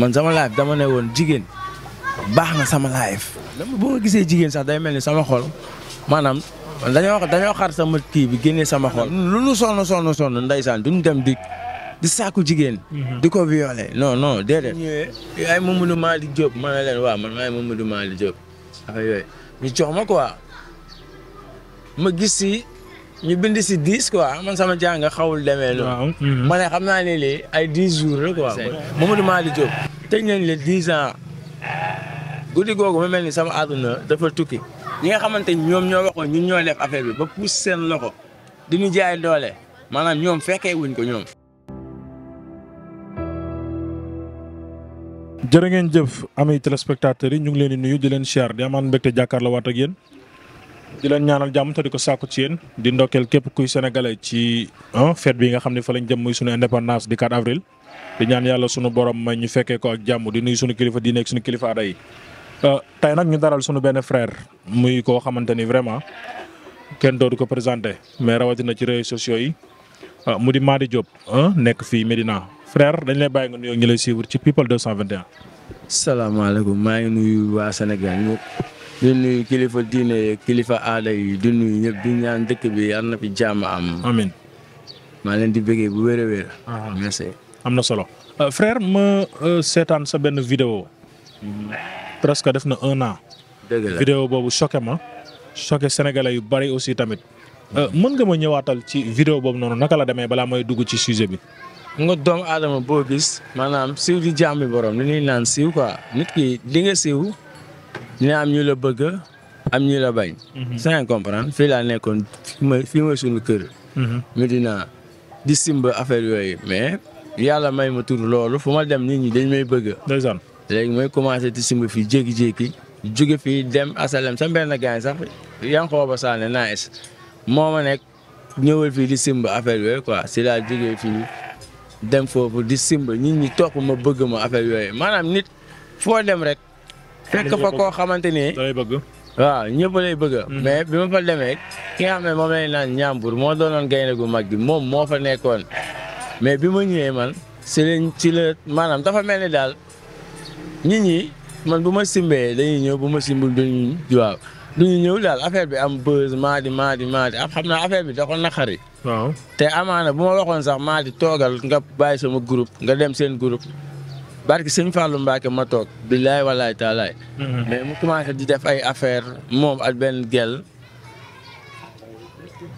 man sama live dama ne woon jigéen baax na sama live bu ma gisee jigéen sax day mel ni sama xol maanaam dañoo dañoo xar sama kii bi génnee sama xol. lu nu sonn sonn sonn ndeysaan duñ dem di di sàkku jigéen. Mhm. di ko violé non non déedéet. ñëwee ay Mamadou Malick Diop ma ne leen waaw man ay Mamadou Malick Diop ak yooyu ñu jox ma quoi ma gis ñu bind si dix quoi man sama jàng xawul demee loolu. Mhm. ma ne xam naa ne lii ay dix jours la quoi. Mamadou Malick Diop tëj nañ la dix ans guddi googu mu mel ni sama àdduna dafa tukki ñi nga xamante ñoom ñoo waxoon ñun ñoo def affaire bi ba pousse seen loxo di ñu jaay doole maanaam ñoom fekkee wuñ ko ñoom. a ngeen jëf amay téléspectateurs yi ñu ngi leen di nuyu di leen siyaar di amaan mbégte jàkkaarloo waat ak yéen. di leen ñaanal jàmm te di ko sàkku ci di ndokkeel képp kuy sénégalais ci fête bi nga xam ne fa lañu jëm muy sunu indépendance di 4 avril. di ñaan yàlla sunu borom may ñu fekkee ko ak jàmm di nuyu sunu kilifa di nekk sunu kilifa aada yi euh, tey nag ñu daral sunu benn frère muy koo xamante ni vraiment kenn dootu ko présenté mais rawatina ci réseaux sociaux yi euh, mu di Mady Diop nekk fii Medina frère dañ lay bàyyi nga nuyoo ñu lay suivre ci People 221. salaamaaleykum maa ngi nuyu waa Sénégal ñëpp. di nuyu kilifa diine kilifa aada yi di nuyu ñëpp di ñaan dëkk bi yàlla na fi jàmm am. amiin maa leen di bëggee bu wér a wér. merci. am na solo euh, frère ma euh, seetaan sa benn vidéo presque def na un an. dëgg boobu choqué ma choqué sénégalais yu bari aussi tamit. Euh, mën nga ma ñëwaatal ci vidéo boobu noonu naka la demee balaa may dugg ci sujet bi. nga doomu aadama boo gis maanaam siiw di jàmmi borom li ñuy naan siiw quoi nit ki li nga siiw. dina am ñu la bëgg am ñu la bañ. Mhm. sans comprendre fii laa nekkoon fi ma fii ma suñu kër. Mhm. di simb affaire yooyu mais yàlla may ma tur loolu fo ma dem ni ñi dañ may bëgg. ndeysaan léegi mooy commencé di simb fii jékki-jékki jóge fii dem asalem sa benn gaañ sax yaa ngi xoo ba saane naaj moo ma nekk ñëwal fii di simb affaire yooyu quoi si laa jógee fii dem foofu di simb nit ñi topp ma bëgg ma affaire yooyu maanaam nit foo dem rek. fekk fa koo xamante ni da lay bëgg. waaw ñëpp lay bëgg. Mhm. mais bi ma fa demee ki nga ne moom lay naan ñaambur moo doonoon gaynde gu mag bi moom moo fa nekkoon mais bi ma ñëwee man si lañ ci la maanaam dafa mel ni daal nit ñi man bu ma simbee dañuy ñëw bu ma simbul duñu waaw duñu ñëw daal affaire bi am buzz maadi maadi maadi am ah, xam naa affaire bi da na naqari. te amaana bu ma waxoon sax maadi toogal nga bàyyi sama groupe nga dem seen groupe. barke sëñ Fallou Mbacke ma toog billaay walaay taalaay. Mhm. mais mu commencé di def ay affaire moom ak benn gel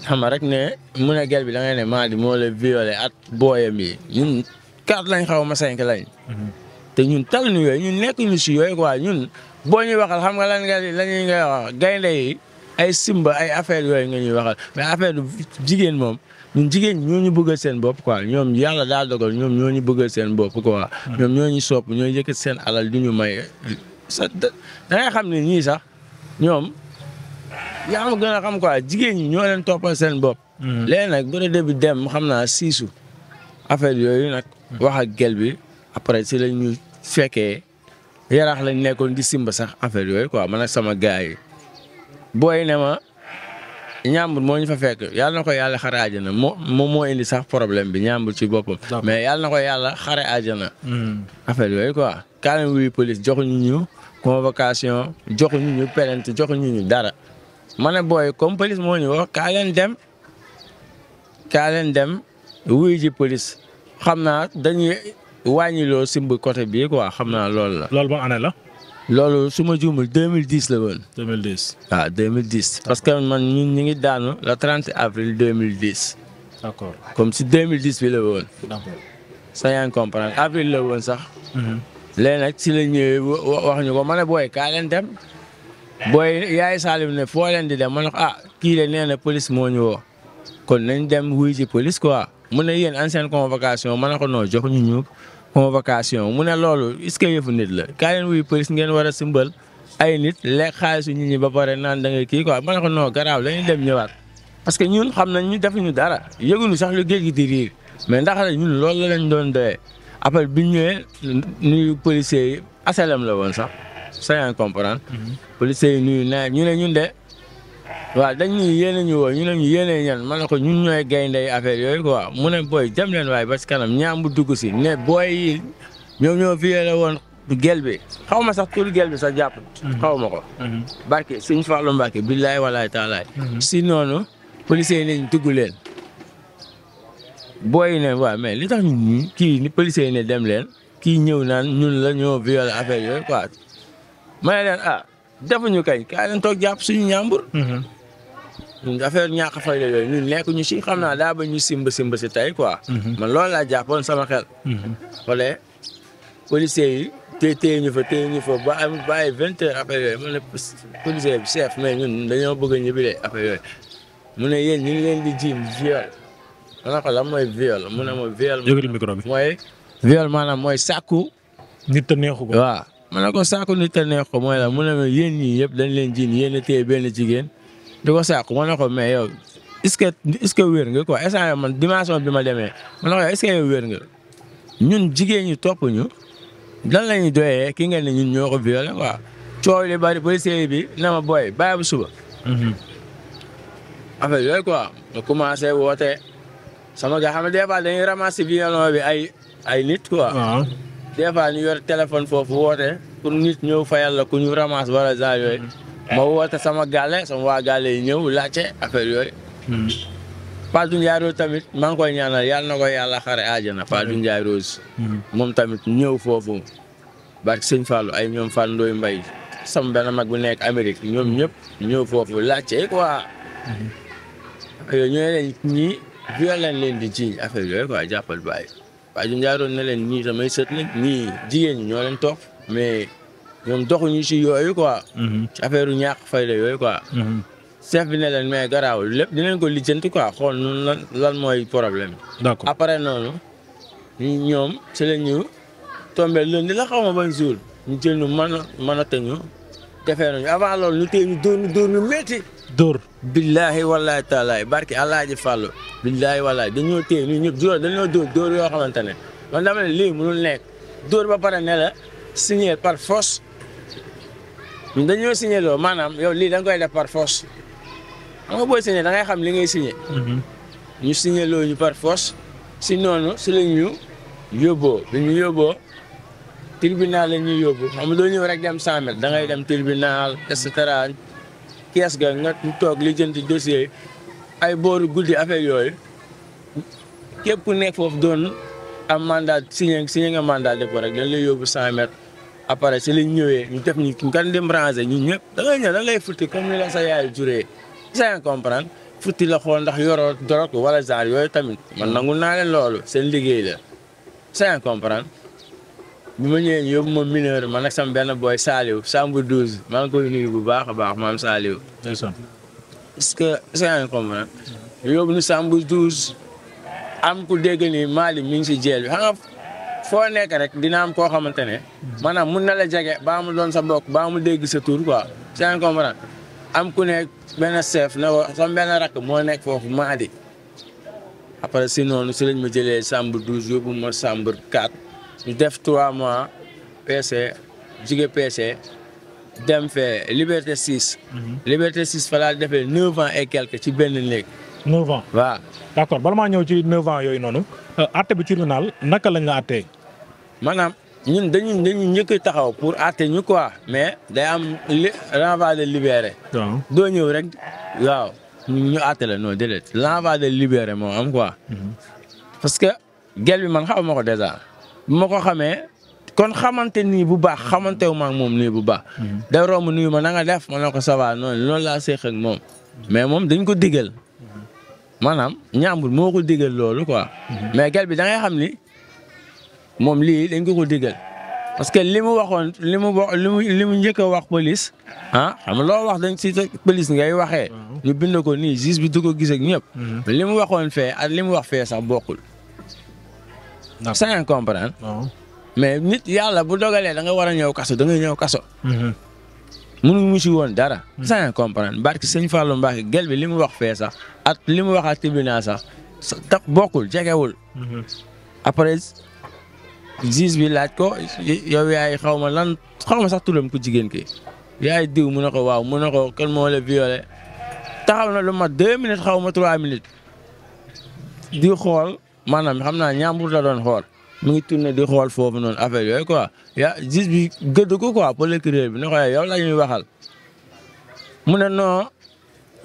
xam rek ne mu ne gel bi da ne maa di moo la violé at booyam yi ñun quatre lañ xaw ma cinq mhm. te ñun tal ñu ñun nekk ñu si yooyu quoi ñun boo ñuy waxal xam nga lan gaynde yi. ay simba ay affaire yooyu nga ñuy waxal mais affaire jigéen moom ñun jigéen ñoo ñu bëggal seen bopp quoi ñoom yàlla daa dogal ñoom ñoo ñu bëggal seen bopp quoi. ñoom ñoo ñu sopp ñoo yëkkat seen alal du ñu may sa da xam ne ñii sax ñoom yaa ma gën a xam quoi jigéen ñi ñoo leen toppal seen bopp. Mm-hmm. léegi nag bu dee bi xam naa siisu affaire yooyu nag. wax ak gel bi après si la ñu fekkee yaraax lañ nekkoon di simba sax affaire yooyu quoi man na sama gars yi. booy ne ma ñàmbur moo ñu fa fekk yàlla na ko yàlla xare àjjana moo moom moo indi sax problème bi ñàmbur ci boppam. mais yàlla na ko yàlla xare àjjana. Hmm. affaire yooyu quoi. kaale wuyu police joxuñu ñu convocation joxuñu ñu plainte joxuñu ñu dara ma ne booy comme police moo ñu wax kaa dem kaa dem wuyu ji police xam naa dañuy wàññiloo simb côté bii quoi xam naa lool la. loolu ban année la. loolu su ma juumul 2010 la woon. 2010 waaw 2010. parce que man ñun ñu ngi daanu le 30 avril 2010. d' accord comme si 2010 bi la woon. d' accord sa yaa ngi comprendre avril la woon sax. Mhm. léegi nag si la ñëwee wax ñu ko ma ne booy kaa leen dem. booy yaay Salim ne foo leen di dem ma ne ko ah kii la nee na police moo ñu woo kon nañ dem wuy ji police quoi mu ne yéen ancienne convocation ma ne ko noo jox ñu ñu. convocation mu ne loolu est-ce la kaay leen wuy police ngeen war a simbal ay nit lekk xaalisu nit ñi ba kii quoi ma ne ko non garaaw la ñuy dem ñëwaat. parce que ñun xam nañ ñu defuñu dara yëguñu sax lu géej gi di riir mais da rek ñun loolu lañ doon doyee après bi ñëwee nuyu policiers yi asalam la woon sax ça y comprendre. Mhm. policiers yi nuyu naa ñu ñun de. waaw dañ ñu yéene ñu woo ñu ne ñu yéene ñan ma ne ko ñu ñooy gayndey affaire yooyu quoi mu ne booy jam waaye ba si kanam ñaam bu dugg si ne booy yi ñoo fi yéene woon gel bi xaw ma sa tur gel bi sax jàpp. Mhm. xaw ma ko. Mhm. barke Sëñ Fallu Mbàkke billaay walaay taalaay. Mhm. si noonu policiers yi nañ dugg leen. booy yi ne waaw mais li tax ñun kii ni policiers yi ne dem leen kii ñëw naan ñun la ñoo violé affaire yooyu quoi ma ne leen ah. defuñu kay kaay leen toog jàpp suñu ñàmbur. Mhm. ñun affaire ñàkk fayda yooyu ñun nekkuñu si xam naa daa ba ñu simb simb si tey quoi. Mhm. man loolu laa jàppoon sama xel. Mhm. xoolee policiers yi te téye ñu fa téye ñu fa ba am bàyyi vingt heures après yooyu man a ñibile mu ne yéen ñu ngi leen di viol. ma ko lan mooy viol mu ne ma viol. jógee mooy. viol maanaam mooy sàkku. nit te neexu ma ne ko saako nit a neex ko mooy la mu ne ma yéen ñii yëpp dañ leen jiin yéen a téye benn jigéen di ko saako ma ne ko mais yow est-ce que est-ce que wér nga quoi man dimension bi ma demee ma ne ko est-ce que yow wér nga ñun jigéen ñi topp ñu lan la ñuy doyee ki nga ne ñun ñoo ko violé quoi coow li bari policier bi na ma booy bàyyi bu suba. Mhm. affaire yooyu quoi nga commencé woote sama gars xam nga des fois dañuy ramasser violon bi ay ay nit quoi. Ah. des fois ñu yor téléphone foofu woote pour nit ñëw fayal la ku ñu ramasse wala genre yooyu. Mm-hmm. ma woote sama gàlle sama waa gàlle yi ñëw laajte affaire yooyu. Fatou mm-hmm. Ndiaye Rose tamit maa koy ñaanal yàlla na ko yàlla xare aajana Fatou mm-hmm. Ndiaye Rose. moom tamit ñëw foofu. barke sëñ ay ñoom Fallou Ndoye Mbaye sama benn mag bu nekk Amérique ñoom ñëpp ñëw foofu laajte quoi. yooyu ñooñu lañ ñii viol leen di ji affaire yooyu quoi jàppal bàyyi. waaye du njaaroon ne leen ñii samay sët lañ ñii jigéen ñi ñoo leen topp mais ñoom doxuñu si yooyu quoi. Mhm. ci affaire u ñàkk fay la yooyu quoi. Mhm. chef bi ne leen mais garaawul lépp dinañ ko lijjanti quoi xool nun lan lan mooy problème bi. d'accord après noonu ñoom si la ñu tombé lundi la xaw ma ban jour ñu jël ñu mën a mën a tënku defee nañu avant loolu ñu téye ñu billaahi wallaahi taalaahi barki Alaaji Fàllu billaahi wallaahi dañoo téye ñun ñëpp juróom dañoo dóor dóor yoo xamante ne man dama lii mënul nekk dóor ba pare ne la signé par force dañoo signé loo maanaam yow lii da nga koy def par force xam nga booy signé da ngay xam li ngay signé. Mhm. ñu signé loo ñu par force si noonu si ñu yóbboo bi ñu yóbboo tribunal la ñuy yóbbu xam nga doo ñëw rek dem 100 mètres da ngay dem tribunal et cetera kees ga nga toog li jënti dossier ay booru guddi affaire yooyu képp ku nekk foofu doon a mandat siñeen signé nga mandat dépôt rek dañ lay yóbbu cent mètres après si lañ ñëwee ñu def ñu kan dem ranger ñun ñu da ngay ñëw da ngay futti comme ni la sa yaay juree sans comprendre futti la xool ndax yoroo drogue wala genre yooyu tamit man nangu naa loolu seen liggéey la sans comprendre bu ma ñëwee yóbbu ma mineur man ak sama benn boy Saliou Samb 12 maa ngi bu baax a baax maam Saliou. est-ce que c'est un comprendre yóbbu Samb 12 am ku dégg ni mi ngi si jeel bi nekk rek dina am koo xamante ne maanaam mun na la jege baa mu sa bokk baa mu dégg sa tur quoi c'est un ku ne ko sama benn rakk moo nekk foofu Mali après si noonu si lañ ma jëlee Samb 12 yóbbu Samb 4. def trois mois PC jóge PC dem fee Liberté 6. Mhm. Liberté 6 fa laa defee neuf quelque ci benn néeg. neuf ans waaw. bala maa ñëw ci neuf yooyu noonu. àtte euh, bi tribunal naka lañ la àttee. maanaam ñun dañuy dañuy taxaw pour àtte ñu quoi mais day am li renvoi de libéré. doo ñëw rek waaw ñu àtte la non déedéet renvoi de libéré moo am quoi. Mhm. parce que gel bi man xaw ma ko dèjà. bu ma ko xamee kon xamante nii bu baax xamante wu ma moom nii bu baax. Mhm. day romb nuyu ma na nga def ma ne ko ça va noonu loolu laa séq moom. mais moom dañ ko digal. maanaam ñaambur moo ko digal loolu quoi. Mhm. mais gel bi da ngay xam ni moom lii dañ ko ko digal. parce que li mu waxoon li mu wax li mu li mu njëkk a wax police ah xam loo wax dañ si police ngay waxee. ñu bind ko nii juge bi du ko gis ak ñëpp. Mhm. li mu waxoon fee ak li mu wax fee sax bokkul. ça ngeen comprendre. mais nit yàlla bu dogalee da nga war a ñëw kaso da nga ñëw kaso. Mhm. mënuñu si woon dara. ça mhm. ngeen comprendre barki sëñ Fallou Mbacke gel bi li mu wax fee sax ak li mu wax ak tribunal sax sa tax bokkul jegewul. Mhm. après juge bi laaj ko yow yaay xaw ma lan xaw ma sax turam ku jigéen ki yaay diw mu ne ko waaw mu ne ko kenn moo la violé taxaw na lu mat deux minutes xaw ma trois minutes di xool. maanaam xam naa ñaambur la doon xool mu ngi tourné di xool foofu noon affaire yooyu quoi ya gis bi gëdd ko quoi procureur bi ne ko eh, yow la ñuy waxal mu ne non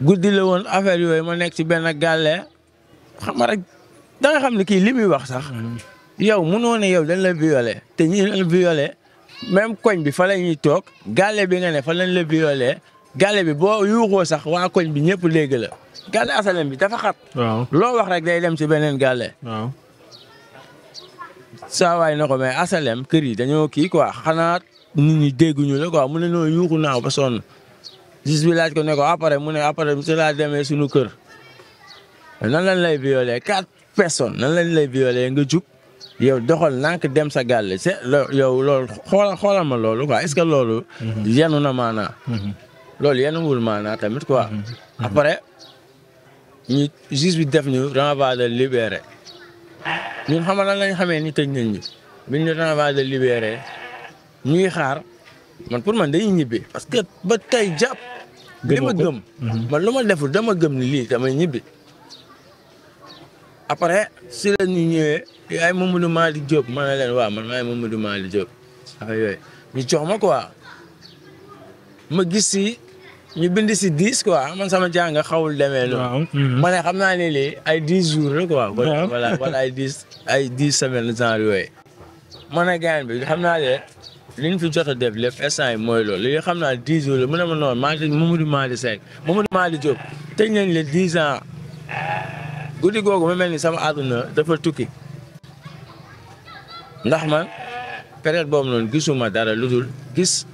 guddi la woon affaire yooyu ma nekk ci benn gàllee xam nga rek da xam ne kii li muy wax sax yow munoo ne yow dañ la violé te ñi la violé même koñ bi fa la ñuy toog gàlle bi nga ne fa lañ la violé gàlle bi boo yuuxoo sax waa koñ bi ñëpp dégg gàlle asalem bi dafa xat. waaw loo wax rek day dem ci beneen gàlle. saa waay na ko mais asalem kër yi dañoo kii quoi xanaa nit ñi dégguñu la quoi mu ne noo yuuxu naaw ba sonn gis bi laaj ko ne ko après mu ne après monsieur laa demee suñu kër. nan lañ lay violé quatre personnes nan lañ lay violé nga jug yow doxal nank dem sa gàlle c' est yow loolu xoolal xoolal ma loolu quoi est ce que loolu. Mhm. yenu na maanaa. Mhm. loolu yenuwul maanaa tamit quoi. Mhm. après. ñu juge bi def ñu renvoi de libéré ñun xamal lan lañ xamee ni tëj nañ ñu biñ ñu renvoi de libéré ñuy xaar man pour man dañuy ñibbi parce que ba tey jàpp. li ma gëm. Mhm. man lu ma deful dama gëm ni lii damay ñibbi. après si la ñu ñëwee yaay Mamadou Malick Diop ma ne leen waaw man maay Mamadou Malick Diop affaire yooyu ñu jox ma quoi ma gis ñu bind si dix quoi man sama jàng xawul demee loolu. Mhm. ma xam naa ne lii ay dix jours la quoi. voilà wala ay dix ay dix semaines genre yooyu. ma ne gaañ bi xam naa ne li ñu fi jot a def lépp instant yi mooy loolu xam naa dix jours la mu ne ma noonu maa ngi Mamadou Malick Seck Mamadou Malick Diop tëj nañ le dix ans guddi googu ma mel ni sama àdduna dafa tukki ndax man période boobu noonu gisuma dara lu dul gis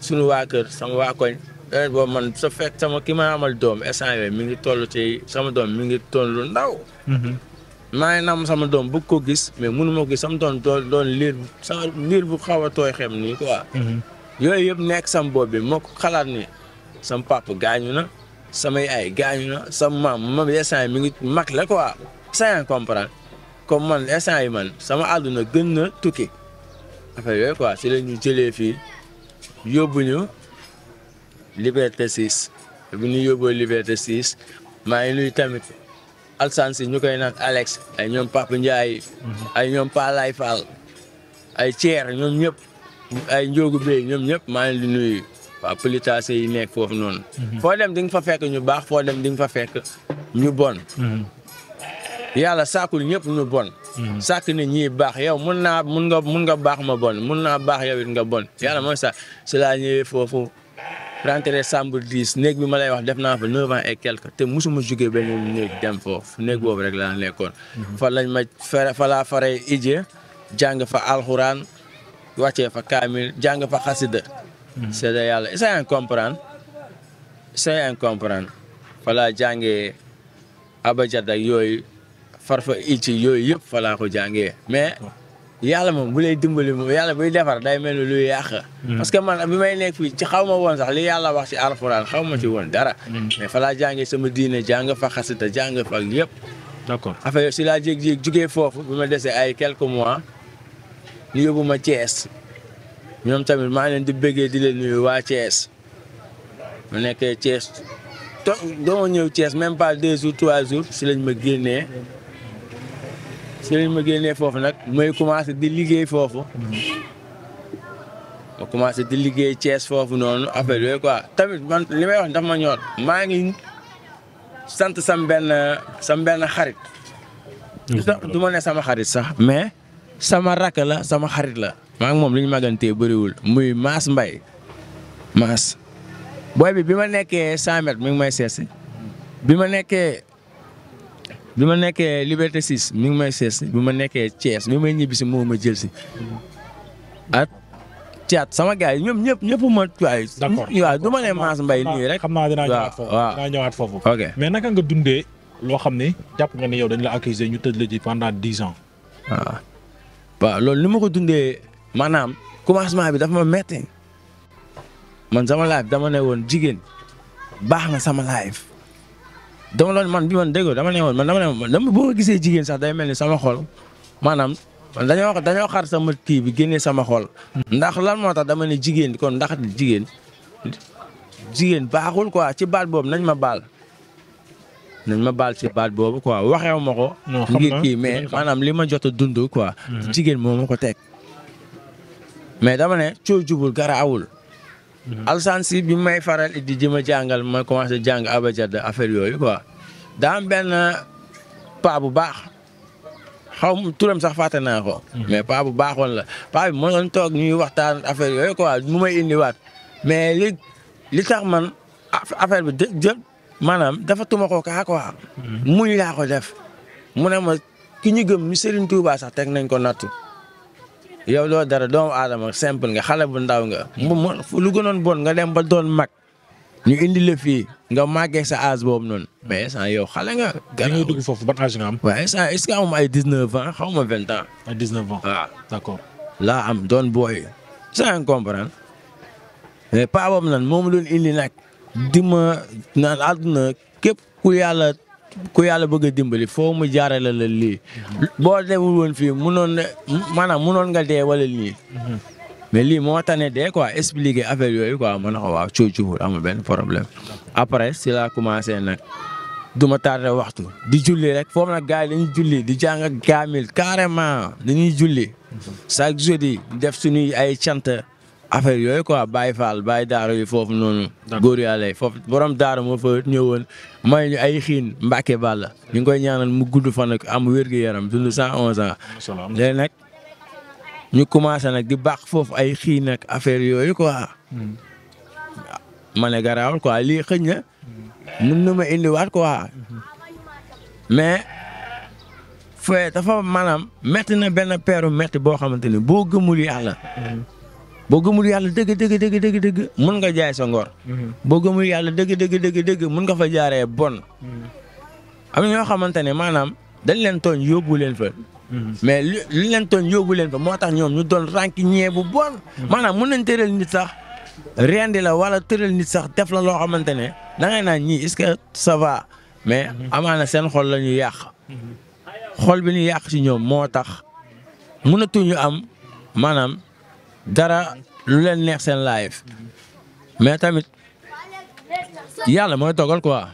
sunu waa kër sama waa Eh, nawet man sa fekk sama ki ma amal doom instant yooyu mi ngi tollu ci sama doom mi ngi toll lu ndaw. Mhm. maa ngi sama doom bug ko gis mais mënu ma gis sama doom doon doon liir sama liir bu xaw a tooy xem nii quoi. Mhm. yooyu yëpp nekk sama bopp bi moo ko xalaat ni sama papa gaañu na sama ay gaañu na sama maam moom instant mi ngi mag la quoi sans comprendre comme man instant yi man sama àdduna gën na tukki affaire yooyu quoi si la ñu jëlee fii yóbbu ñu. Liberté 6 bu ñu yóbboo Liberté 6 maa ngi nuyu tamit Alsaan si ñu koy naan Alex ay ñoom Papa njaay ay ñoom Palaay Fall ay Thier ñoom ñëpp ay Njóogu Bey ñoom ñëpp maa ngi nuyu waa politaase yi nekk foofu noonu. Mhm. foo dem di fa fekk ñu baax foo dem di nga fa fek ñu bon. Mhm. yàlla sàkkul ñëpp ñu bon. Mhm. sàkk ne ñii baax yow mun naa nga mun nga baax ma bon mun naa baax yow it nga bon yàlla mooy sax si laa foofu. rentré chambre 10 néeg bi ma lay wax def naa fa 9 ans et quelques te musuma jugee benn néeg foofu néeg boobu rek laa nekkoon. Mhm. fa lañ ma fa laa faree ije jàng fa alxuraan wàccee fa kaamil jàng fa xasida. Mhm. c'est de yàlla essaye en comprendre essaye en comprendre fa laa jàngee abajad ak yooyu farfa ije yooyu yëpp fa laa ko yàlla moom bu lay dimbali moom yàlla buy defar day mel ni luy yàq. Mm. parce que man bi may nekk fii ci xaw ma woon sax li yàlla wax si ci alxuraan xaw ma ci woon dara. Mm. mais fa laa jàngee sama diine jàng fa xasita jàng fa yëpp. d'accord affaire si laa jéeg-jéeg jugee foofu bi ma desee ay quelques mois ñu yóbbu ma Thiès ñoom tamit maa ngi leen di bëggee di leen nuyu waa cees mu nekkee Thiès to doo ñëw Thiès même pas deux jours trois jours si lañ ma génnee. si lañ ma génnee foofu nag may commencé di liggéey foofu. ma commencé di liggéey Thiès foofu noonu affaire yooyu quoi tamit man li may wax dafa ma ñor. maa ngi sant sam benn sam benn xarit. du ma ne sama xarit sax mais. sama rakk la sama xarit la. maa ngi moom li ñu magantee bëriwul muy Maas Mbay Maas booy bi bi ma nekkee 100 mètres mi ngi may seesi bi ma nekkee bi ma nekkee Liberté 6 mi ngi may sees bi ma nekkee Thiès mi may ñibbi si moo ma jël si ak Thiat sama gars yi ñoom ñëpp ñëpp ma waaye. d'accord waaw du ma ne Mass Mbaye nii ah, rek. xam naa dinaa ñëwaat foofu dinaa mais naka nga dundee loo xam ne jàpp nga ne yow dañu la accuser ñu tëj la ci pendant dix ans. Ah. waaw loolu ni ma ko dundee maanaam commencement bi dafa ma metti man sama live dama ne woon jigéen baax na sama live. dama loon man bi man déggoo dama ne woon man dama ne man dama boo sax day mel ni sama xol maanaam man dañoo dañoo xar sama kii bi génnee sama xol. ndax lan moo tax dama ne jigéen kon ndax jigéen jigéen baaxul quoi ci baat boobu nañ ma baal. nañ ma baal ci baat boobu quoi waxeewu ma ko. ngir kii mais maanaam li ma jot a dund quoi. Mm-hmm. jigéen moo ma ko teg. mais dama ne gara awul. Mhm. alsaan si bi may faral di ji ma jàngal ma commencé jàng abajad affaire yooyu quoi daa am benn paa bu baax xaw ma turam sax fàtte naa ko. Mhm. mais paa bu baaxoon la paa bi ma doon toog ñuy waxtaan affaire yooyu a mu may indiwaat mais li li tax man affaire bi jë maanaam dafa tuma ko kaa quoi. Mhm. muñ laa ko def mu ne ma ki ñu gëm ñu Serigne Touba sax teg nañ ko nattu. yow doo dara doomu aadama simple nga xale bu ndaw nga. lu gënoon bon nga dem ba doon mag. ñu indi la fii nga màggee sa âge boobu noonu. mais instant yow xale nga. gannaaw bi dugg foofu ban âge nga am. waaw instant est-ce que am ay dix neuf ans xaw ma ay dix neuf ans waaw. Ah. d'accord laa am doon booy. sans comprendre mais paa boobu nag moom la indi nag di ma naan àdduna képp ku yàlla. ku yàlla bëgg a dimbali foo mu jaarale la lii boo deful woon fi munoon na maanaam munoon nga dee wala nii mais lii moo tax ne dee quoi expliquer affaire yooyu quoi ma ne ko waaw coow coow amul benn problème après si laa commencé nag du ma tardé waxtu di julli rek foofu nag gars yi dañuy julli di jàng kaamil carrément dañuy julli chaque jeudi def suñuy ay cant affaire yooyu quoi Baye Fall Baye Daara yi foofu noonu. góor yàlla yi foofu borom Daara moo fa ñëwoon may ñu ay xiin Mbacke Balla ñu ngi koy ñaanal mu gudd fan ak am wér-gu-yaram dund cent onze ans. léegi nag ñu commencé nag di baax foofu ay xiin ak affaire yooyu quoi. Hmm. ma ne garaawul quoi lii xëñ na mën na ma indiwaat quoi mais fee dafa maanaam métti na benn peeru métti boo xamante ni boo gëmul yàlla. Hmm. boo gëmul yàlla dëgg dëgg dëgg dëgg dëgg mun nga jaay sa ngor. Mm-hmm. boo gëmul yàlla dëgg dëgg dëgg mun nga fa jaaree bon. Mm-hmm. am na ñoo xamante ne maanaam dañ leen tooñ yóbbu leen fa. Mm-hmm. mais li li leen tooñ yóbbu leen fa moo tax ñoom ñu doon rancunier bu bon. maanaam mun nañ tëral nit sax rendi la wala tëral nit sax def la loo xamante ne da ngay naan ñii est-ce que ça va mais amaana seen xol la ñu yàq. xol bi ñu yàq ci ñoom moo tax mënatuñu am maanaam. dara lu leen neex seen live mais tamit yàlla mooy dogal quoi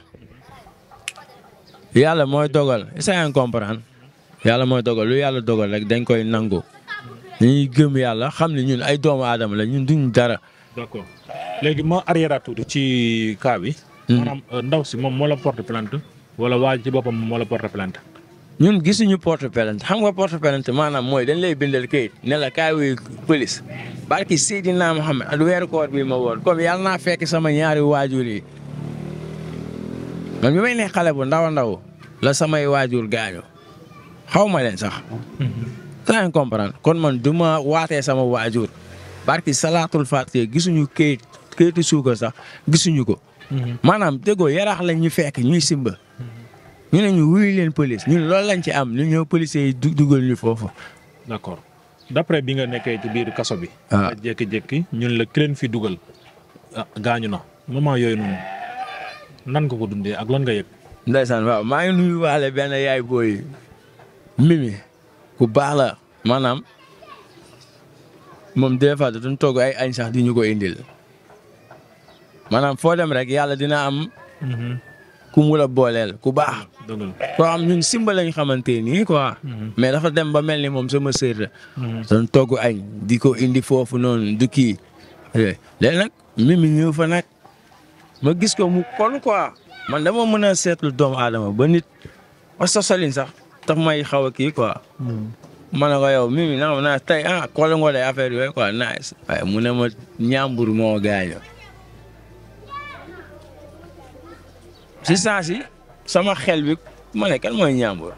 yàlla mooy dogal est-ce que comprendre yàlla mooy dogal lu yàlla dogal rek dañ koy nangu dañuy gëm yàlla xam ne ñun ay doomu aadama la ñun duñ dara. d'accord léegi ma arrière tuuti ci cas bi. Hmm. maanaam euh, ndaw si moom moo la porte plainte wala waa ci boppam moo la porte plainte. ñun gisuñu porte plainte xam nga porte plainte maanaam mooy dañ lay bindal kayit ne la kaay wuy police barki Seydina Mohamed ak weeru koor bii ma woon comme yàlla naa fekk sama ñaari waajur yi ma bi may ne xale bu ndaw ndaw la samay waajur gaañu xaw ma leen sax. daa comprendre kon man du ma waatee sama waajur barki salaatul fatiha gisuñu kayit kayitu suukar sax gisuñu ko. Mhm. maanaam déggoo yaraax lañ ñu fekk ñuy simba. ñu ne ñu wuyu leen police ñun loolu lañ ci am ñu ñëw policiers dugal ñu foofu. d'accord d'après bi nga nekkee ci biir kaso bi. waaw ah. jékki-jékki ñun la ki leen fi dugal. Ah, gaañu na moment yooyu noonu nan ko dundee ak lan nga yëg. ndeysaan maa ngi nuyu waale benn yaay booy mimi ku baax la maanaam moom des fois dañu togg ay añ sax di ñu ko indil maanaam foo dem rek yàlla dina am. Mm-hmm. ku mu la booleel ku baax. waaw am ñun simba lañ xamante nii quoi. Mhm. mais dafa dem ba mel ni moom sama sër la. Mhm. doon togg añ di ko indi foofu noonu du kii. Eh, léegi nag mimi ñëw fa nag ma gis ko mu kon quoi man dama mën a seetlu doomu aadama ba nit ba sa sax tax may xaw a kii quoi. Mhm. ma ne ko yow mimi na naa tey ah kóol ngoo day affaire yooyu quoi nice. mu ne ma ñaambur moo gaañoo si saa sama xel bi ma kan mooy ñaambur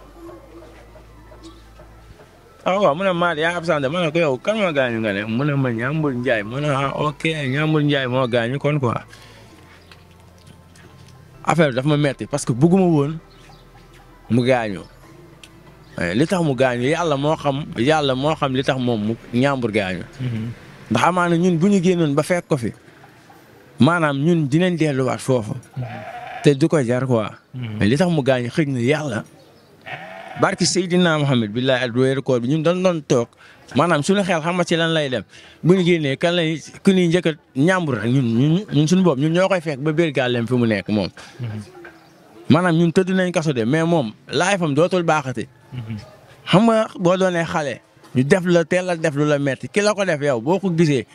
ah mu ne maa yaa absenté ma ne ko kan moo gaañu nga mu ne ma ñaambur Njaay mu ne ah ok ñaambur Njaay moo gaañu kon quoi affaire bi daf ma metti parce que bugguma woon mu gaañu eh, li tax mu gaañu yàlla moo xam yàlla moo xam li tax moom mu ñaambur gaañu mm-hmm. ndax amaana ñun bu ñu génnoon ba fekk ko fi maanaam ñun dinañ delluwaat foofu mm-hmm. te du ko jar quoi. Mhm. mais li tax mu gaañ xëy na yàlla. barki Seydina Mohamed billahi ak weeru koor bi ñun doon doon toog maanaam suñu xel xam nga ci lan lay dem bu ñu génnee kan lay ku ñuy njëkk a ñàmbur rek ñun ñun ñun suñu bopp ñun ñoo koy fekk ba biir gàllem fi mu nekk moom. Mhm. maanaam ñun tëdd nañ kaso de mais moom laay fam dootul baaxati. Mhm. xam nga boo doonee xale. ñu def la teel a def lu la metti ki la ko def yow boo ko gisee.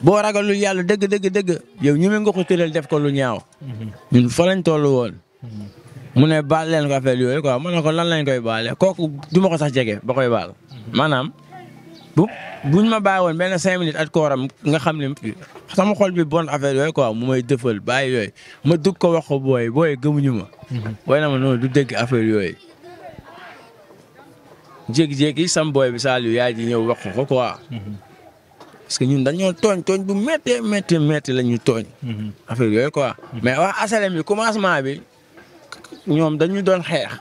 boo ragalul yàlla dëgg dëgg dëgg yow ñu nga ko def ko lu ñaaw. ñun mm-hmm. fa lañ toll woon. Mm-hmm. mu ne baal leen ko affaire yooyu ko mu ne ko lan lañ koy baale kooku du ma ko sax jege ba koy baal. Mm-hmm. maanaam bu buñ ma bàyyi woon benn cinq minutes at kooram nga xam ne sama xol bi bon affaire yooyu quoi mu may dëfal bàyyi yooyu ma dugg ko wax booy booy gëmuñu ma. booy na ma noonu du dégg affaire yooyu. jékki-jékki sam booy bi Saliou yaay ji ñëw wax ko quoi. parce que ñun dañoo tooñ tooñ bu méttee métti métti la ñu tooñ. Mhm. affaire yooyu quoi. Mhm. mais waa asalem bi commencement bi ñoom dañu doon xeex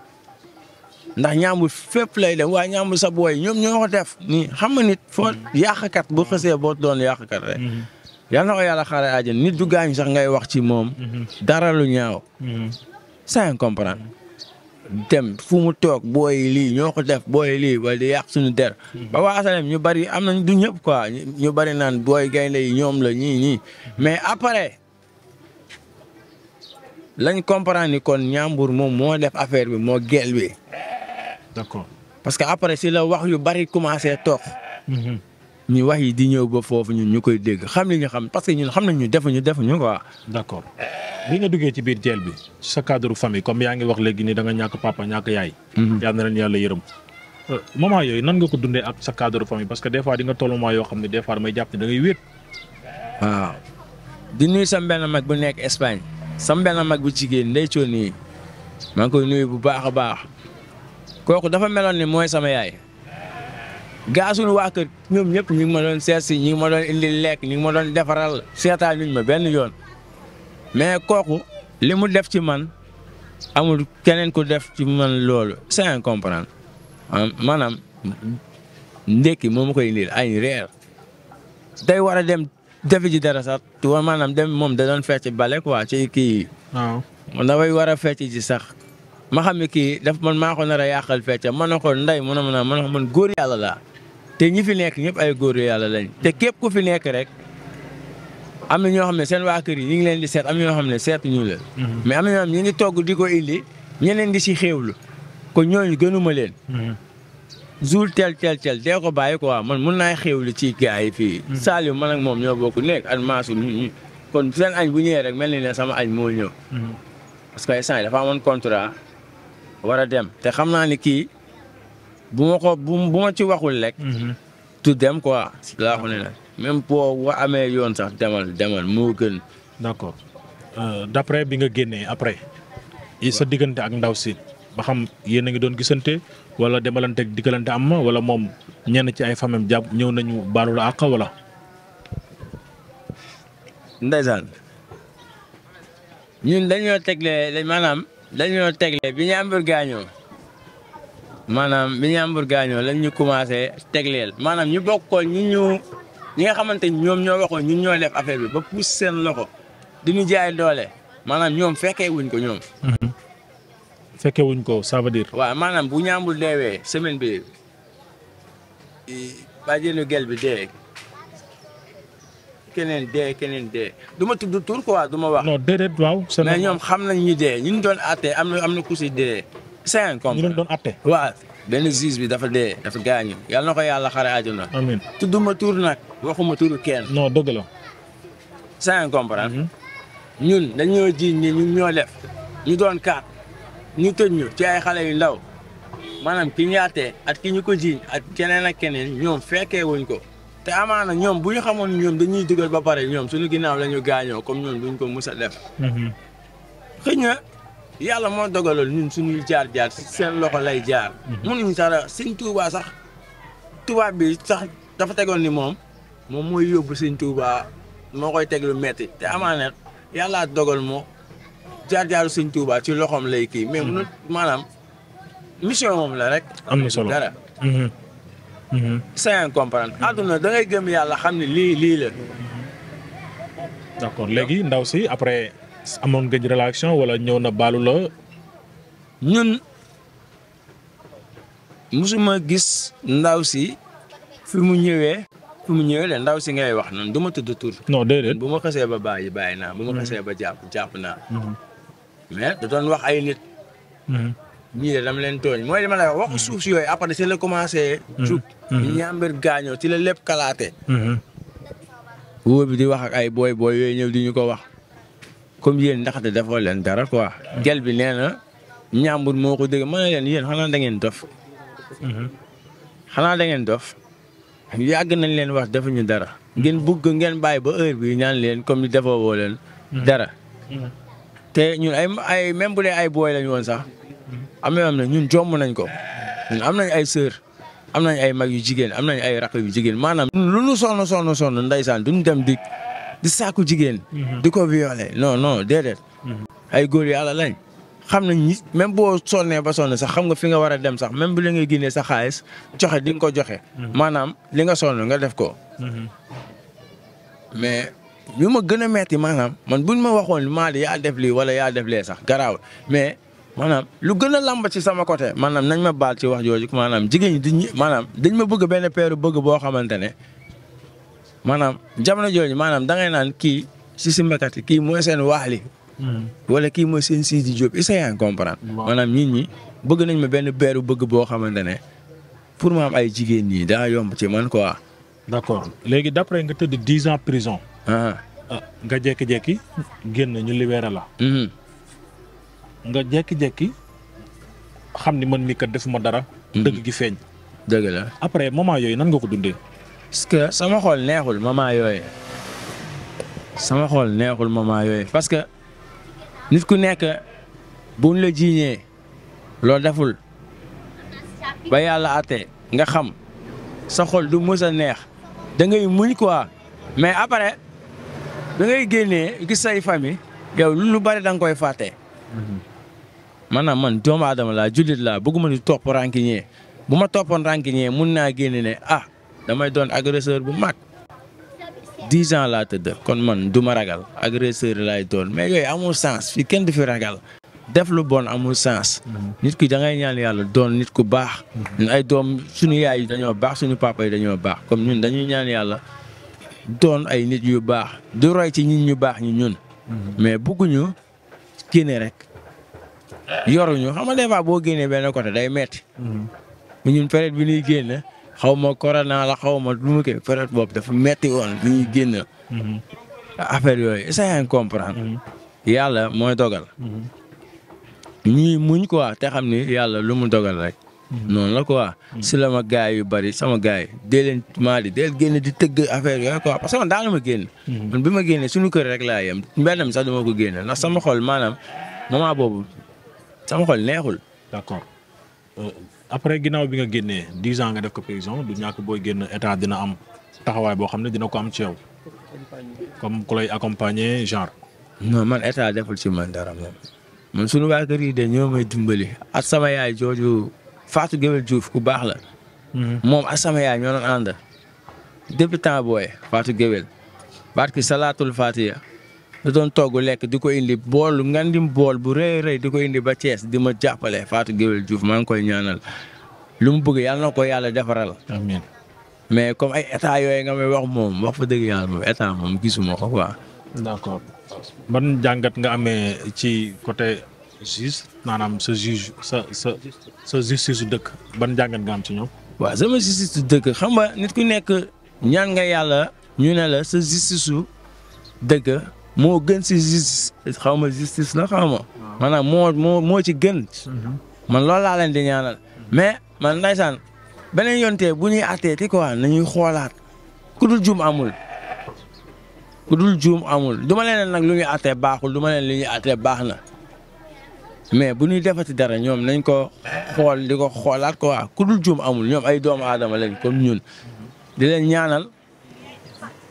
ndax ñaambul fépp lay dem waa ñaambul sa booy ñoom ñoo ko def ni xam nga nit foo mhm. yàqkat bu xësee boo doon yàqkat rek. yal na yàlla xaare àjjana nit du gaañ sax ngay wax ci moom. dara lu ñaaw. sans comprendre. dem fu mu toog booy lii ñoo ko def booy lii wala di yàq suñu der mm-hmm. ba waa ñu bari am nañ du ñëpp quoi ñu bari naan booy gaynde yi ñoom la ñii ñii mm-hmm. mais après lañ comprendre ni kon ñaambur moom moo def affaire bi moo gel bi. d'accord parce que après si la wax yu bari commencé toog. Mm-hmm. ñu wax yi di ñëw ba foofu ñun ñu koy dégg xam li ñu xam parce que ñun xam nañ ñu defuñu defuñu quoi. d'accord. bi nga duggee ci biir jeel bi sa cadre famille comme yaa ngi wax léegi ni da ñàkk papa ñàkk yaay. Mhm. yal na leen yàlla yërëm. Euh, moment yooyu nan nga ko dundee ak sa cadre famille parce que des fois di nga toll moment yoo xam ne des fois jàpp ne da wéet. waaw di nuyu sam benn mag bu nekk Espagne sam benn mag bu jigéen ndey coono yi maa ngi koy nuyu bu baax a baax kooku dafa meloon ni mooy sama yaay. gaasuñu waa kër ñoom ñëpp ñu ngi ma doon seet si ñu ngi ma doon indi lekk ñu ngi ma defaral seetaan ñu ma benn yoon. mais kooku li mu def ci man amul keneen ku def ci man loolu c'est incomprendre maanaam ndekki moom mu koy indil ay reer day war a dem defi ji dara sax wa maanaam dem moom da doon fecc bale quoi ci kii. waaw dafay war a fecc ji sax. ma xam ne kii daf man maa ko nar yàqal fecc ma ne ko ndey mu ne ma man góor yàlla laa te ñi fi nekk ñëpp ay góor yàlla lañ te képp ku fi nekk rek. am na ñoo xam ne seen waa kër yi ñu ngi leen di seet am ñoo xam ne seetuñu leen. Mm-hmm. mais am ñoo xam ñu ngi togg di ko indi ñeneen di si xéewlu ko ñooñu gënuma leen. Mm-hmm. jour tel tel tel dee ko bàyyi ko man mun naa xéewlu ci gars yi fii. Mm-hmm. Saliou moom ñoo bokk nekk ak Mansour kon seen añ bu ñëwee rek mel ni ne sama añ moo ñëw. parce que instant dafa amoon contrat war a dem te xam naa ni kii bu ma ko bu ma ci waxul rek. du dem quoi laa ko ne nag. même boo boo amee yoon sax demal demal moo gën. d'accord euh, d'après bi nga génnee après. sa diggante ak ndaw si. ba xam yéen a ngi doon gisante wala demalante ak dikkalante am ma wala moom ñenn ci ay famem jàpp ñëw nañu baalu la àq wala. ndeysaan ñun dañoo tegle maanaam dañoo tegle bi ñu am gaañoo maanaam bi ñu am gaañoo lañ ñu commencé tegleel maanaam ñu bokkoon ñu ñu. ñi nga xamante ni ñoom ñoo waxoon ñun ñoo def bi ba pousse seen loxo di ñu jaay loole maanaam ñoom fekkee wuñ ko ñoom. Mhm. fekkee wuñ ko ça veut dire. waaw maanaam bu ñaambul deewee semaine bi bàjjenu gel bi dee keneen dee keneen dee du ma tudd tur ko du ma wax. non déedéet waaw. mais ñoom xam nañ ñu dee ñu doon àtte am na am na ku si dee. c'est un compte doon àtte benn juge bi dafa dee dafa gaañu yàlla na ko yàlla xare na amiin tudduma tur nag waxuma tur kenn. non dëgg la. ça en comprendre. Mhm. ñun dañoo ji ñi ñun ñoo def ñu doon kaat ñu tëj ñu ci ay xale yu ndaw maanaam ki ñaatee at ki ñu ko jiiñ ak keneen ak keneen ñoom fekkee wuñ ko te amaana ñoom bu ñu xamoon ñoom dañuy dugal ba pare ñoom suñu ginnaaw la ñu gaañoo comme ñoom duñ ko mus a def. Mhm. xëy na yàlla moo dogaloon ñun suñuy jaar-jaar si seen loxo lay jaar. mënuñu mhm. sax sëñ Touba sax tubaab bi sax dafa tegoon ni moom moom mooy yóbbu sëñ Touba moo koy teg lu metti te amaana yàllaa dogal moo jaar jaar sëñ Touba ci loxoom lay kii. mais mënut mhm. maanaam mission moom la rek. am na solo dara. c'est mhm. comprendre. àdduna da ngay yàlla xam ne lii lii la. amoon nga ci relation wala ñëw na baalu la. ñun musuma gis ndaw si fi mu ñëwee. fi mu ñëwee la ndaw si ngay wax noonu du ma tudd tur. non déedéet bu ma xasee ba bàyyi bàyyi naa bu ma mm-hmm. xasee ba jàpp naa. Mm-hmm. mais da doon wax ay nit. Mm-hmm. ñii de dama leen tooñ mooy li ma la wax waxu suuf si yooyu après si la commencé. jub ñaambir gaañoo ci la lépp kalaate. wóor bi di wax ak ay booy booy yooyu ñëw di ñu ko wax. comme yéen ndaxte defoo leen dara quoi. gel bi nee na ñaambur moo ko dégg ma ne leen yéen xanaa da ngeen dof. Mhm. xanaa da ngeen dof yàgg nañ leen wax defuñu dara. ngeen bugg ngeen bàyyi ba heure bi ñaan leen comme ni defoo woo leen. Mhm. dara. Mhm. te ñun ay ay même bu dee ay booy lañ woon sax. am na ñun jomm nañ ko ñun am nañ ay sœur am nañ ay mag yu jigéen am nañ ay rakk yu jigéen maanaam. lu nu sonn sonn sonn dem di di saaku jigéen. Mhm. di ko violé non non déedéet. Mhm. ay góor yàlla lañ. xam na ni même boo sonnee ba sonn sax xam nga fi nga war a dem sax même bu la ngay génnee sa xaalis joxe di nga ko joxe. Mhm. maanaam li nga sonn nga def ko. mais ñu ma gën a metti maanaam man buñ ma waxoon maa di yaa def lii wala yaa def lee sax garaaw mais maanaam lu gën a làmb ci sama côté maanaam nañ ma baal ci wax jooju maanaam jigéen ñi dañ maanaam dañ ma bëgg benn peeru bëgg boo xamante ne. maanaam jamono jooju maanaam da naan kii si si mbékat kii mooy seen waaxli. Hmm. wala kii mooy seen Sidy Diop est-ce que yaa ngi comprendre. maanaam nit ñi bëgg nañ ma benn beeru bëgg boo xamante ne pour ma am ay jigéen ñi daa yomb ci man quoi. d'accord léegi d'après nga tëdd dix ans prison. Ah. Ah, nga jékki-jékki génn ñu libéré la. Mm-hmm. nga jékki-jékki xam ni man mii kat defuma dara. Mm-hmm. dëgg gi feeñ. dëgg la après moment yooyu nan nga ko dundee. parce que sama xol neexul moment yooyu sama xol neexul moment yooyu parce que nit ku nekk buñ la jiiñee loo deful ba yàlla àtte nga xam sa xol du mës a neex da ngay muñ quoi mais après da ngay génnee gis say famille yow lu bari da nga koy fàtte. maanaam man doom aadama laa jullit laa bëgguma di topp rànkiñee bu ma toppoon rànkiñee mun naa génne ne a ah, damay doon agresseur bu mag dix ans laa tëdd kon man du ma ragal agresseur ay doon mais yooyu amul sens fii kenn du fi ragal def lu bon amul sens mhm. nit ki da ngay ñaan yàlla doon nit ku baax mhm. ay doom suñu yaay yi dañoo baax suñu papa yi dañoo baax comme ñun dañuy ñaan yàlla doon ay nit yu baax du roy ci nit ñu baax ñu ñun mhm. mais bugguñu génne rek yoruñu xam nga des fois boo génnee benn côté day metti ñun période bi ñuy génn xaw ma corona la xaw ma lu mu kii période boobu dafa metti woon bu ñuy génn. Mhm. affaire yooyu essayer comprendre. Mhm. yàlla mooy dogal. Mhm. ñuy muñ quoi te xam ni yàlla lu mu dogal rek. noonu la ko si la ma gars yu bari sama gars yi dee leen maa di dee génn di tëgg affaire yooyu quoi parce que man ma génn. man bi ma génnee suñu kër rek laa yem mbenn mi sax ko génne ndax sama xol maanaam moment boobu sama neexul. après ginnaaw bi nga génnee dix ans nga def ko prison du ñàkk booy génn état dina am taxawaay boo xam ne dina ko am ci yow. comme ku lay accompagner genre. non man état deful ci man dara moom. man sunu waa kër yi de ñoo may dimbali ak sama yaay jooju faatu Guewel Diouf ku baax la. Mhm. moom ak sama yaay ñoo doon ànd. depuis temps booy Fatou Guewel salaatul Fatiha da doon togg lekk di ko indi bool nga ngandim bool bu rëy rëy di ko indi ba cees di ma jàppale Fatou Guewel Diouf maa ngi koy ñaanal lu mu bëgg yàlla na ko yàlla defaral. mais comme ay état yooyu nga may wax moom wax fa dëgg yàlla moom état moom gisuma ko quoi. d'accord ban jàngat nga amee ci côté juge maanaam sa juge sa sa sa su dëkk ban jàngat nga am ci ñoom. waaw sama justice dëkk xam nga ku nekk ñaan nga yàlla ñu ne la sa justice su dëkk. moo gën si justice xaw ma justice la xaw ma maanaam moo moo moo ci gën mhm. man loolu laa leen di ñaanal mais man ndaysaan beneen yontee bu ñuy atteeti quoi nañuy xoolaat ku dul juum amul ku dul juum amul du ma leen nag lu ñuy baaxul du ma leen lu ñuy attee baax na mais bu ñuy defati dara ñoom nañ ko xool di ko xoolaat quoi ku dul juum amul ñoom ay doomu aadama lañ comme ñun di le ñaanal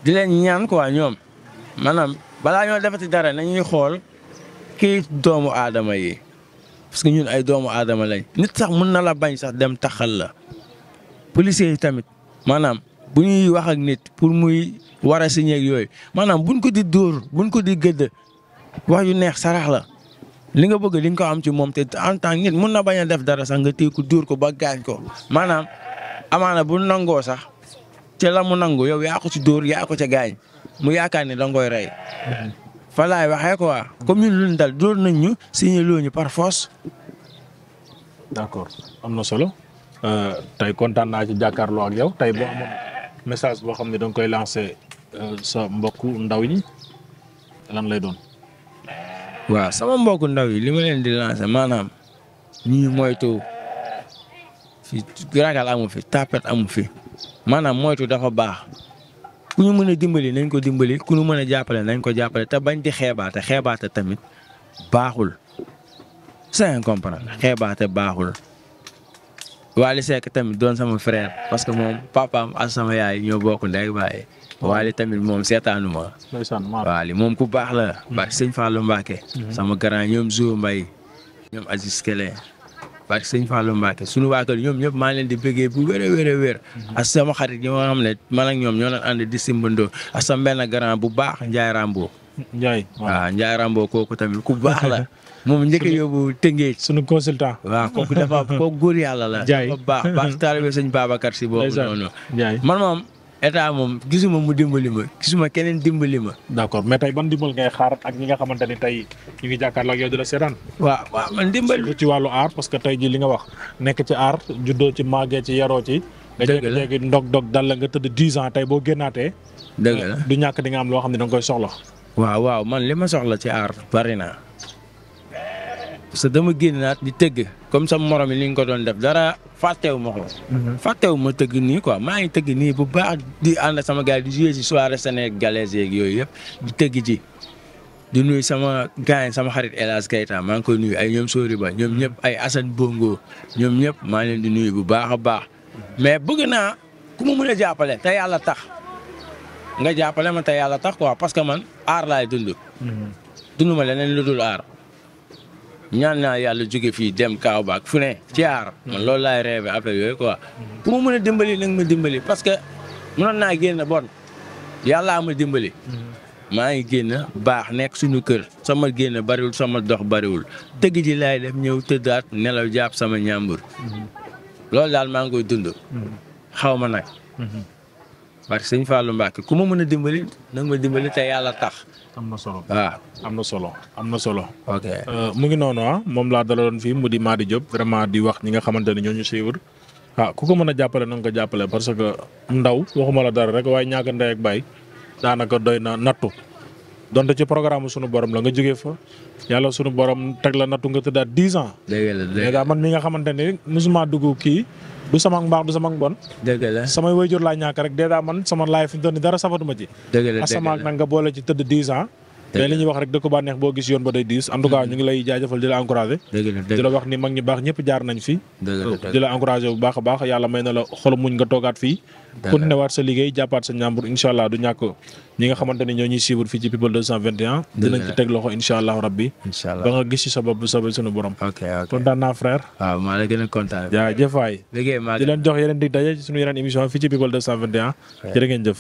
di leen ñaan quoi ñoom maanaam balaa ñoo defati dara nañuy xool kii doomu aadama yi parce que ñun ay doomu aadama lañ nit sax mun na la bañ sax dem taxal la policiers yi tamit maanaam bu ñuy wax ak nit pour muy war a signé ak yooyu maanaam buñ ko di dóor buñ ko di gëdd wax yu neex sarax la li nga bëgg li nga ko am ci moom te en tant que mun na bañ a def dara sax nga téye ko dóor ko ba gaañ ko maanaam amaana bu nangoo sax ci la mu nangoo yow yaa ko ci dóor yaa ko ca gaañ. mu yaakaar ni da nga koy rey. Hmm. fa ko waxee quoi comme ñun luñ dal dóor nañ ñu signé loo ñu par force. d'accord am na solo euh, tey kontaan naa ci jàkkaarloo ak yow tey boo message boo xam ne da koy lancé euh, sa mbokku ndaw ñi lan lay doon. waaw sama mbokku ndaw yi li ma leen di lancé maanaam ñuy moytu fi ragal amu fi tapet amu fi maanaam moytu dafa baax. ku ñu mën a dimbali nañ ko dimbali ku ñu mën a jàppale nañ ko jàppale te bañ di xeebaate xeebaate tamit baaxul c'est incompréhensible xeebaate baaxul. Waly Seck tamit doon sama frère parce que moom papam ak sama yaay ñoo bokk ndey bàyyi Waly tamit moom seetaanu ma. Waly moom ku baax la. baax mm-hmm. sëñ Fallou Mbacke. Mm-hmm. sama grand ñoom Zou Mbaye ñoom Aziz parce que sëñ Fallou Mbacke suñu waa kër ñoom ñëpp maa ngi leen di bëggee bu wér a wér a wér mhm. ak sama xarit yi nga xam ne di simbandoo ak sama benn grand bu baax Ndiaye Rambo. Ndiaye waaw Ndiaye Rambo kooku ku baax la. moom njëkk yóbbu tëngee. sunu consultant. waaw kooku dafa kooku góor yàlla la. Ndiaye dafa baax baax taalibe état moom gisuma mu dimbali ma gisuma keneen dimbali ma. d'accord mais tey ban dimbal ngay xaar ak ñi nga xamante ni tey ñu ngi jàkkaarloo ak yow di la seetaan. waaw waaw man dimbal ci wàllu aar parce que tey ji li nga wax nekk ci aar juddoo ci màggee ci yaroo ci. dëgg la léegi ndog dog dal la nga tëdd dix ans tey boo génnaatee. dëgg la du ñàkk di nga am loo xam ne danga koy soxla. waaw waaw man li ma soxla ci aar bari na parce que dama génnaat di tëgg comme sama morom mi ni ñu ko doon def dara fàttewu ma ko. Mhm. fàttewu ma tëgg nii quoi maa ngi tëgg nii bu baax di ànd sama gars yi di joué si soirée sénégalaise yeeg yooyu yëpp di tëgg ji. di nuyu sama gars sama xarit El Hadj Keita maa ngi koy nuyu ay ñoom Sori Ba ñoom ñëpp ay Assane Bongo ñoom ñëpp maa ngi leen di nuyu bu baax a baax. mais bëgg naa ku ma mën a jàppale te yàlla tax nga jàppale ma te yàlla tax quoi parce que man aar lay dund. Mhm. dund ma leneen ñaan naa yàlla jóge fii dem kaaw baak fu ne ciaar man loolu laay rêvé yooyu quoi ku ma mën a dimbali nag ma dimbali parce que mënoon naa génn bon yàllaa ma dimbali maa ngi génn baax nekk suñu kër sama génn bariwul sama dox bariwul tëgg ji laay def ñëw tëddaat nelaw jàpp sama ñàmbur mhm. loolu daal maa ngi koy dund mhm. ma nag mhm. parce que sëñ Fallou Mbacke ku ma mën a dimbali na nga ma dimbali te yàlla tax. am na solo waaw am na solo am na solo. ok euh, mu ngi noonu ah moom laa dalaloon fii mu di maa di Diop vraiment di wax ñi nga xamante ne ñoo ñu suivre ah ku ko mën a jàppale na ko jàppale parce que ndaw waxuma la dara rek waaye ñàkk ndey ak baay daanaka doy na nattu. donte ci programme sunu borom la nga jógee fa yàlla sunu borom teg la nattu nga tëddaat dix ans. dëgg la mi nga xamante ne musuma dugg kii. du sama mbaax du sama bon. dëgg la samay waajur laa ñàkk rek dèjà man sama laay fi mu dara safatuma ci. dëgg la nag nga boole ci tëdd 10 ans. mais li ñuy wax rek dëkk ba neex boo gis yoon ba day diis en ñu ngi lay jaajëfal di la encouragé di la wax ni mag ñi baax ñëpp jaar nañ fi di la encouragé bu baax a baax yàlla may na la xol muñ nga toogaat fii continué waat sa liggéey jàppaat sa ñàmbur incha allah du ñàkk ñi nga xamante ñoo ñuy suivre fii ci people 221 ci teg loxo incha allah rabbi ba nga gis ci sa bopp borom kontaan naa frère waaw maa di leen jox yeneen dig daje ci